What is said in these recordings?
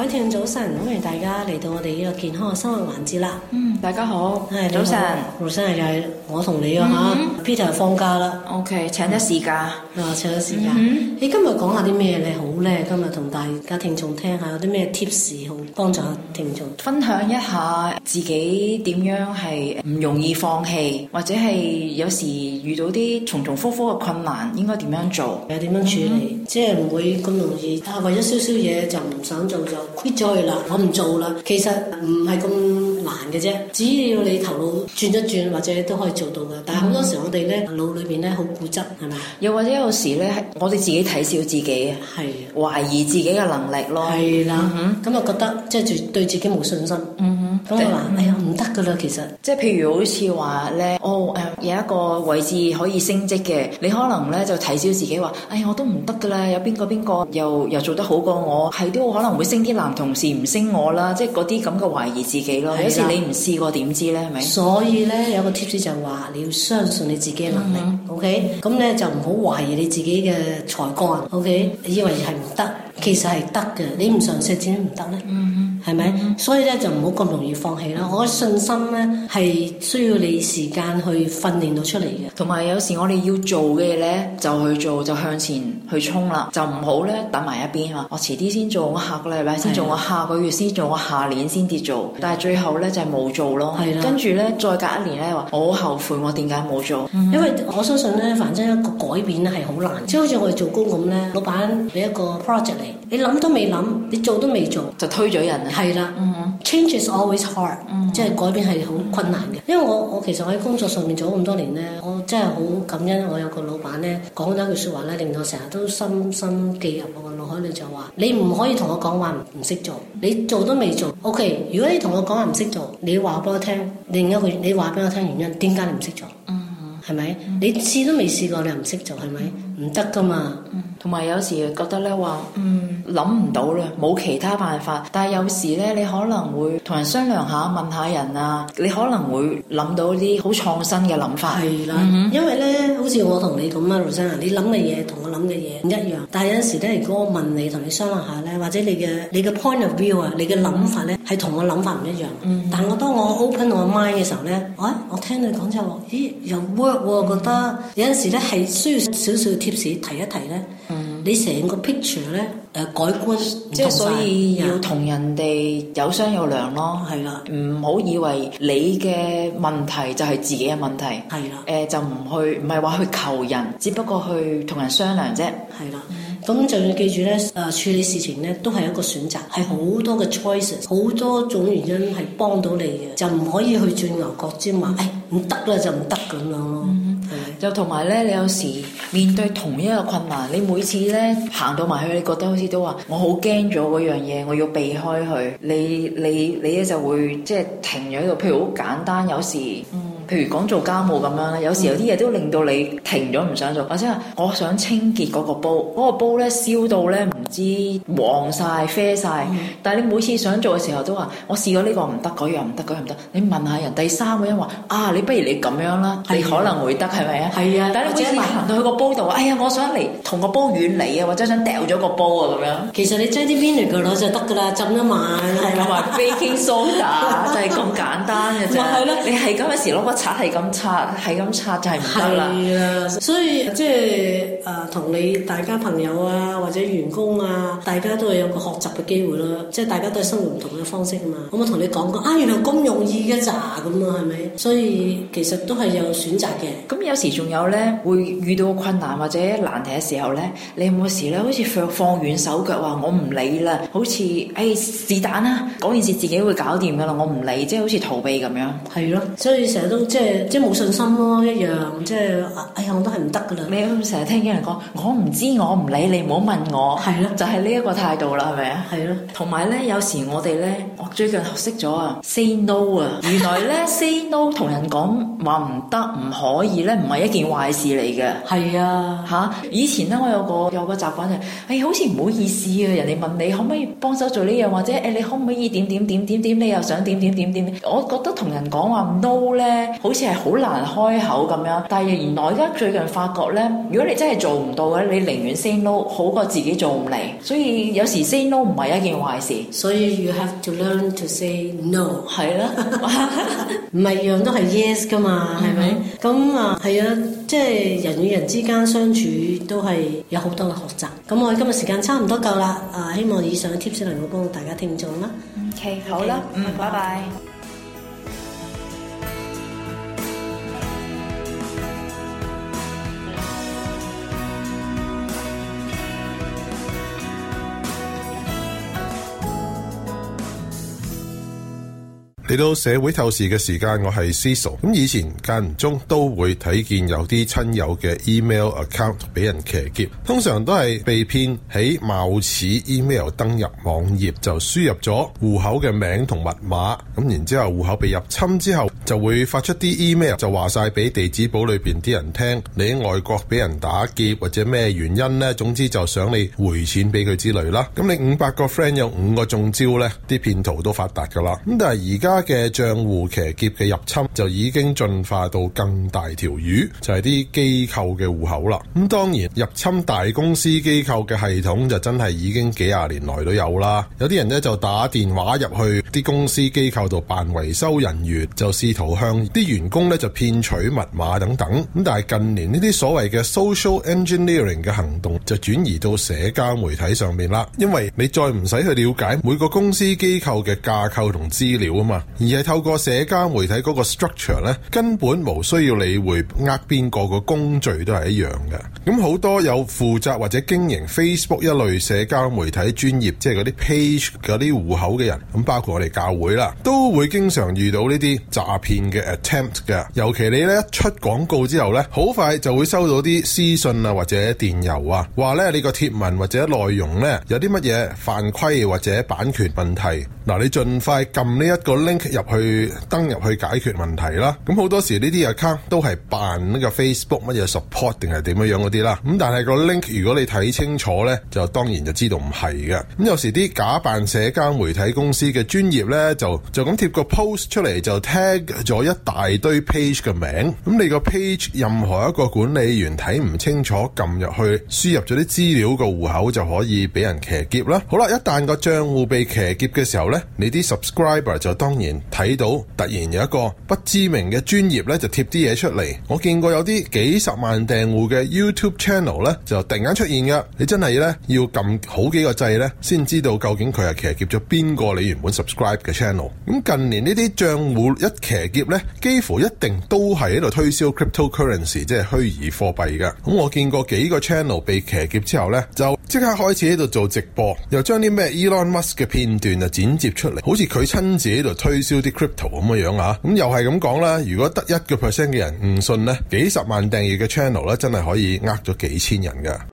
改天早晨，歡迎大家嚟到我哋呢個健康嘅生活環節啦。嗯，大家好。係早晨安，羅生又係我同你啊嚇。嗯、Peter 放假啦，OK，請咗時間。啊、嗯哦，請咗時間、嗯欸。你今日講下啲咩咧？好咧，今日同大家聽眾聽下有啲咩 tips 好幫助聽眾。嗯、分享一下自己點樣係唔容易放棄，或者係有時遇到啲重重複複嘅困難，應該點樣做？又點樣處理？即係唔會咁容易，啊、為咗少少嘢就唔想做咗。quit 咗佢啦，我唔做啦。其實唔係咁難嘅啫，只要你頭腦轉一轉，或者都可以做到嘅。但係好多時我哋咧腦裏邊咧好固執，係咪？又或者有時咧，我哋自己睇小自己啊，係啊，懷疑自己嘅能力咯，係啦，咁啊覺得即係對自己冇信心，嗯哼，咁你話，哎呀唔得㗎啦，其實即係譬如好似話咧，哦，誒有一個位置可以升職嘅，你可能咧就睇小自己話，哎呀我都唔得㗎啦，有邊個邊個又又做得好過我，係都可能會升啲。男同事唔升我啦，即係嗰啲咁嘅懷疑自己咯的。有時你唔試過點知咧？係咪？所以咧有個 tips 就係話，你要相信你自己嘅能力。嗯嗯 OK，咁咧就唔好懷疑你自己嘅才幹。OK，、嗯、以為係唔得，其實係得嘅。你唔嘗試點唔得咧？係咪？所以咧就唔好咁容易放棄啦。我嘅信心咧係需要你時間去訓練到出嚟嘅。同埋有，有時我哋要做嘅嘢咧就去做，就向前去衝啦，的就唔好咧等埋一邊啊！我遲啲先做，我下個禮拜先做，我下個月先做，我下，先我下年先至做。但係最後咧就係、是、冇做咯。係啦的。跟住咧再隔一年咧話，我好後悔我點解冇做？嗯、因為我相信咧，反正一個改變咧係好難。即係好似我哋做工咁咧，老闆俾一個 project 嚟，你諗都未諗，你做都未做， 就推咗人了。係啦，changes always hard，mm hmm. 即係改變係好困難嘅。因為我我其實我喺工作上面做咁多年呢，我真係好感恩我有個老闆呢講咗一句説話呢，令到我成日都深深記入我個腦海裏就話：你唔可以同我講話唔識做，你做都未做。OK，如果你同我講話唔識做，你話俾我聽，另一句你話俾我聽原因，點解你唔識做？Mm hmm. 係咪？Mm hmm. 你試都未試過，你又唔識做，係咪？唔得噶嘛。同埋、mm hmm. 有時覺得咧話，諗唔到啦，冇其他辦法。但係有時咧，你可能會同人商量下，問下人啊，你可能會諗到啲好創新嘅諗法。係啦的，mm hmm. 因為咧，好似我同你咁啊，羅生啊，你諗嘅嘢同我諗嘅嘢唔一樣。但係有陣時咧，如果我問你同你商量下咧，或者你嘅你嘅 point of view 啊，你嘅諗法咧係同我諗法唔一樣。嗯、mm。Hmm. 但我當我 open 我 mind 嘅時候咧，啊，我聽你講就咦，咦，咦又有我覺得有陣時咧，係需要少少貼士提一提咧。嗯你成個 picture 咧，誒、呃、改觀，即係所以要同人哋有商有量咯，係啦的，唔好以為你嘅問題就係自己嘅問題，係啦的，誒、呃、就唔去，唔係話去求人，只不過去同人商量啫，係啦，咁、嗯、就要記住咧，誒、呃、處理事情咧都係一個選擇，係好多嘅 choices，好多種原因係幫到你嘅，就唔可以去鑽牛角尖話，誒唔得啦就唔得咁樣咯。嗯嗯、就同埋咧，你有時面對同一個困難，你每次咧行到埋去，你覺得好似都話我好驚咗嗰樣嘢，我要避開佢。你你你咧就會即係停咗喺度。譬如好簡單，有時。嗯譬如講做家務咁樣啦，有時有啲嘢都令到你停咗唔想做。或者話我想清潔嗰個煲，嗰、嗰個煲咧燒到咧唔知黃晒、啡晒。但係你每次想做嘅時候都話，我試過呢個唔得，嗰樣唔得，嗰樣唔得。你問下人第三個人話啊，你不如你咁樣啦，你可能會得係咪啊？係吧啊，但係你每次行到去個煲度話，哎呀，我想嚟同個煲遠離啊，或者想掉咗個煲啊咁樣。其實你將啲 vinegar 就得㗎啦，浸、嗯、一晚，同埋 baking soda 就係咁簡單嘅啫。你係嗰陣時攞個拆係咁拆，係咁拆就係唔得啦。係啊，所以即係誒、呃，同你大家朋友啊，或者員工啊，大家都係有個學習嘅機會咯。即係大家都係生活唔同嘅方式啊嘛。我我同你講過，啊原來咁容易嘅咋咁啊？係咪？所以其實都係有選擇嘅。咁有時仲有咧，會遇到個困難或者難題嘅時候咧，你有冇時咧，好似放放軟手腳話我唔理啦？好似誒是但啦，嗰件事自己會搞掂噶啦，我唔理，即係好似逃避咁樣。係咯，所以成日都。即係即係冇信心咯、啊，一樣即係哎呀，我都係唔得㗎喇。你咁成日聽啲人講，我唔知，我唔理，你唔好問我，係咯的，就係呢一個態度啦，係咪啊？係咯。同埋咧，有時我哋咧，我最近學識咗啊，say no 啊，原來咧 ，say no 同人講話唔得、唔可以咧，唔係一件壞事嚟嘅。係啊的，嚇！以前咧，我有個有個習慣就係、是，哎，好似唔好意思啊，人哋問你可唔可以幫手做呢樣，或者誒、哎，你可唔可以依點點點點點？你又想點點點點？我覺得同人講話 no 咧、no。No, 呢 no. 好似係好難開口咁樣，但係原來而家最近發覺咧，如果你真係做唔到嘅，你寧願 say no 好過自己做唔嚟，所以有時 say no 唔係一件壞事，所以、so、you have to learn to say no 係啦，唔係樣樣都係 yes 噶嘛，係咪、mm？咁、hmm. 啊係啊，即係人與人之間相處都係有好多嘅學習。咁我哋今日時間差唔多夠啦，啊希望以上嘅 tips 能夠幫到大家聽眾啦。OK，好啦，嗯，拜拜。嚟到社會透視嘅時間，我係 Cecil。咁以前間唔中都會睇見有啲親友嘅 email account 俾人騎劫，通常都係被騙喺貌似 email 登入網頁就輸入咗戶口嘅名同密碼，咁然之後戶口被入侵之後，就會發出啲 email 就話晒俾地址簿裏邊啲人聽，你喺外國俾人打劫或者咩原因呢？總之就想你回錢俾佢之類啦。咁你五百個 friend 有五個中招呢，啲騙徒都發達噶啦。咁但係而家。嘅賬戶騎劫嘅入侵就已經進化到更大條魚，就係啲機構嘅戶口啦。咁當然，入侵大公司機構嘅系統就真係已經幾廿年來都有啦。有啲人呢，就打電話入去啲公司機構度扮維修人員，就試圖向啲員工呢就騙取密碼等等。咁但係近年呢啲所謂嘅 social engineering 嘅行動就轉移到社交媒體上面啦，因為你再唔使去了解每個公司機構嘅架構同資料啊嘛。而係透過社交媒體嗰個 structure 咧，根本冇需要理會呃，邊個個工序都係一樣嘅。咁好多有負責或者經營 Facebook 一類社交媒體專業，即係嗰啲 page 嗰啲戶口嘅人，咁包括我哋教會啦，都會經常遇到呢啲詐騙嘅 attempt 嘅。尤其你咧出廣告之後咧，好快就會收到啲私信啊或者電郵啊，話咧你個貼文或者內容咧有啲乜嘢犯規或者版權問題。嗱，你盡快撳呢一個 link 入去登入去解決問題啦。咁好多時呢啲 account 都係扮呢個 Facebook 乜嘢 support 定係點樣樣啲啦。咁但係個 link 如果你睇清楚咧，就當然就知道唔係嘅。咁有時啲假扮社交媒體公司嘅專業咧，就就咁貼個 post 出嚟，就 tag 咗一大堆 page 嘅名。咁你個 page 任何一個管理員睇唔清楚，撳入去輸入咗啲資料個戶口就可以俾人騎劫啦。好啦，一旦個賬戶被騎劫嘅時候咧。你啲 subscriber 就當然睇到，突然有一個不知名嘅專頁咧，就貼啲嘢出嚟。我見過有啲幾十萬訂戶嘅 YouTube channel 咧，就突然間出現嘅。你真係咧要撳好幾個掣咧，先知道究竟佢係騎劫咗邊個你原本 subscribe 嘅 channel。咁近年呢啲帳戶一騎劫咧，幾乎一定都係喺度推銷 cryptocurrency，即係虛擬貨幣嘅。咁我見過幾個 channel 被騎劫之後咧，就即刻開始喺度做直播，又將啲咩 Elon Musk 嘅片段啊剪接。出嚟好似佢親自喺度推銷啲 crypto 咁樣樣啊！咁、嗯、又係咁講啦，如果得一個 percent 嘅人唔信咧，幾十萬訂閱嘅 channel 咧，真係可以呃咗幾千人噶。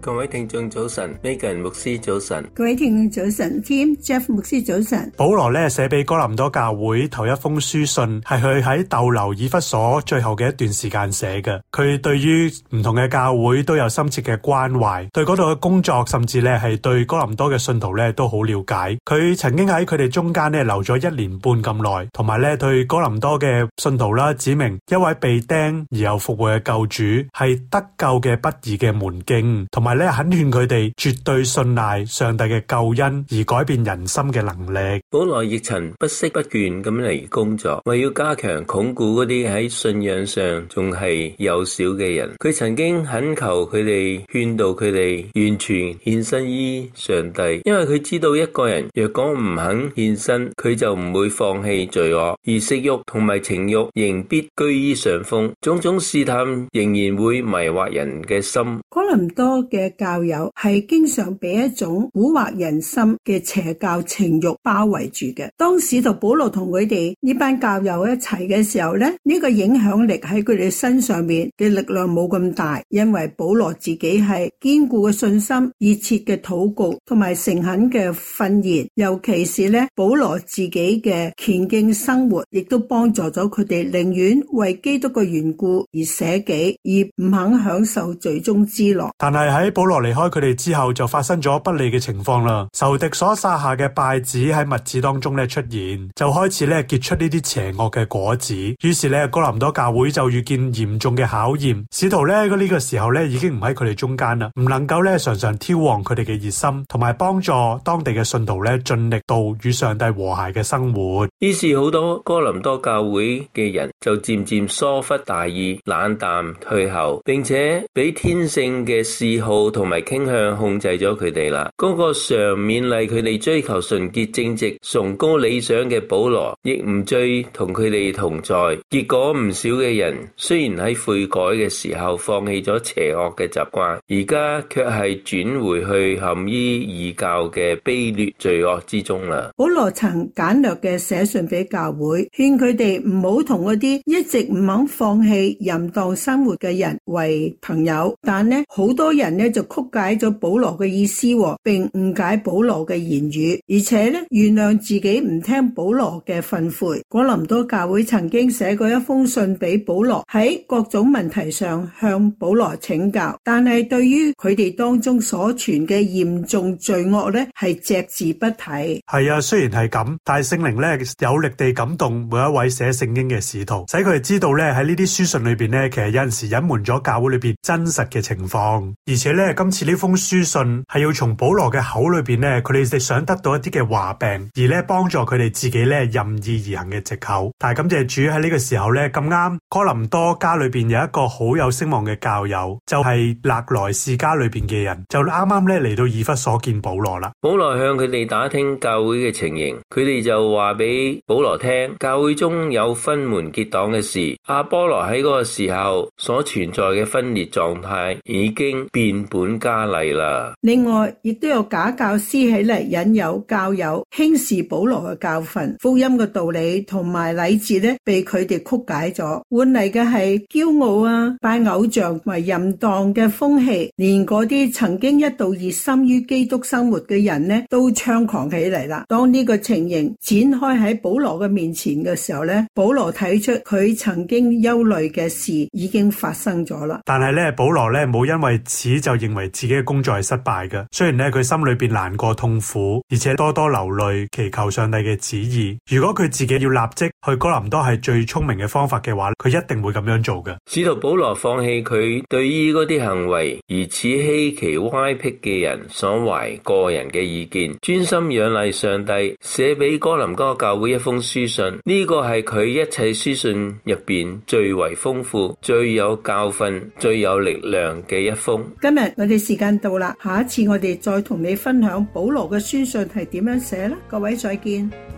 各位聽眾早晨，呢個人牧師早晨，各位聽眾早晨，Tim、Jeff 牧師早晨。保羅咧寫俾哥林多教會頭一封書信，係佢喺逗留以弗所最後嘅一段時間寫嘅。佢對於唔同嘅教會都有深切嘅關懷，對嗰度嘅工作甚至咧係對哥林多嘅信徒咧都好了解。佢曾經喺佢哋中間咧留咗一年半咁耐，同埋咧對哥林多嘅信徒啦指明一位被釘而又復活嘅救主係得救嘅不二嘅門徑，同埋。係咧，肯勸佢哋絕對信賴上帝嘅救恩而改變人心嘅能力。保羅亦曾不息不倦咁嚟工作，為要加強鞏固嗰啲喺信仰上仲係幼小嘅人。佢曾經懇求佢哋，勸導佢哋完全獻身於上帝，因為佢知道一個人若果唔肯獻身，佢就唔會放棄罪惡，而色欲同埋情欲仍必居於上風。種種試探仍然會迷惑人嘅心。可能唔多嘅。嘅教友係經常俾一種蠱惑人心嘅邪教情欲包圍住嘅。當時同保羅同佢哋呢班教友一齊嘅時候咧，呢個影響力喺佢哋身上面嘅力量冇咁大，因為保羅自己係堅固嘅信心、熱切嘅禱告、同埋誠懇嘅訓言，尤其是咧保羅自己嘅虔敬生活，亦都幫助咗佢哋寧願為基督嘅緣故而捨己，而唔肯享受罪中之樂。但係喺保羅離開佢哋之後，就發生咗不利嘅情況啦。仇敵所撒下嘅稗子喺物質當中咧出現，就開始咧結出呢啲邪惡嘅果子。於是咧哥林多教會就遇見嚴重嘅考驗。使徒咧呢、呢個時候咧已經唔喺佢哋中間啦，唔能夠咧常常挑旺佢哋嘅熱心，同埋幫助當地嘅信徒咧盡力度與上帝和諧嘅生活。於是好多哥林多教會嘅人就漸漸疏忽大意、冷淡退後，並且俾天性嘅嗜好。同埋傾向控制咗佢哋啦，嗰個常勉勵佢哋追求純潔正直、崇高理想嘅保羅，亦唔再同佢哋同在。結果唔少嘅人雖然喺悔改嘅時候放棄咗邪惡嘅習慣，而家卻係轉回去陷於異教嘅卑劣罪惡之中啦。保羅曾簡略嘅寫信俾教會，勸佢哋唔好同嗰啲一直唔肯放棄淫蕩生活嘅人為朋友，但呢好多人呢？就曲解咗保羅嘅意思，並誤解保羅嘅言語，而且咧原諒自己唔聽保羅嘅訓誨。哥林多教會曾經寫過一封信俾保羅，喺各種問題上向保羅請教，但係對於佢哋當中所傳嘅嚴重罪惡呢，係隻字不提。係啊，雖然係咁，但係聖靈咧有力地感動每一位寫聖經嘅使徒，使佢哋知道咧喺呢啲書信裏邊呢，其實有陣時隱瞞咗教會裏邊真實嘅情況，而且。咧今次呢封書信係要從保羅嘅口裏邊咧，佢哋哋想得到一啲嘅話病，而咧幫助佢哋自己咧任意而行嘅借口。但係感謝主喺呢個時候咧，咁啱哥林多家裏邊有一個好有聲望嘅教友，就係勒來士家裏邊嘅人，就啱啱咧嚟到以弗所見保羅啦。保羅向佢哋打聽教會嘅情形，佢哋就話俾保羅聽，教會中有分門結黨嘅事。阿波羅喺嗰個時候所存在嘅分裂狀態已經變。本加厲啦。另外，亦都有假教師起嚟引誘教友輕視保羅嘅教訓、福音嘅道理同埋禮節咧，被佢哋曲解咗，換嚟嘅係驕傲啊、拜偶像為淫蕩嘅風氣。連嗰啲曾經一度熱心於基督生活嘅人咧，都猖狂起嚟啦。當呢個情形展開喺保羅嘅面前嘅時候咧，保羅睇出佢曾經憂慮嘅事已經發生咗啦。但係咧，保羅咧冇因為此就認為自己嘅工作係失敗嘅，雖然咧佢心裏邊難過痛苦，而且多多流淚，祈求上帝嘅旨意。如果佢自己要立即去哥林多係最聰明嘅方法嘅話，佢一定會咁樣做嘅。使徒保羅放棄佢對於嗰啲行為而此稀奇歪僻嘅人所懷個人嘅意見，專心仰賴上帝，寫俾哥林多教會一封書信。呢個係佢一切書信入邊最為豐富、最有教訓、最有力量嘅一封。今日。我哋時間到啦，下一次我哋再同你分享保羅嘅書信係點樣寫啦，各位再見。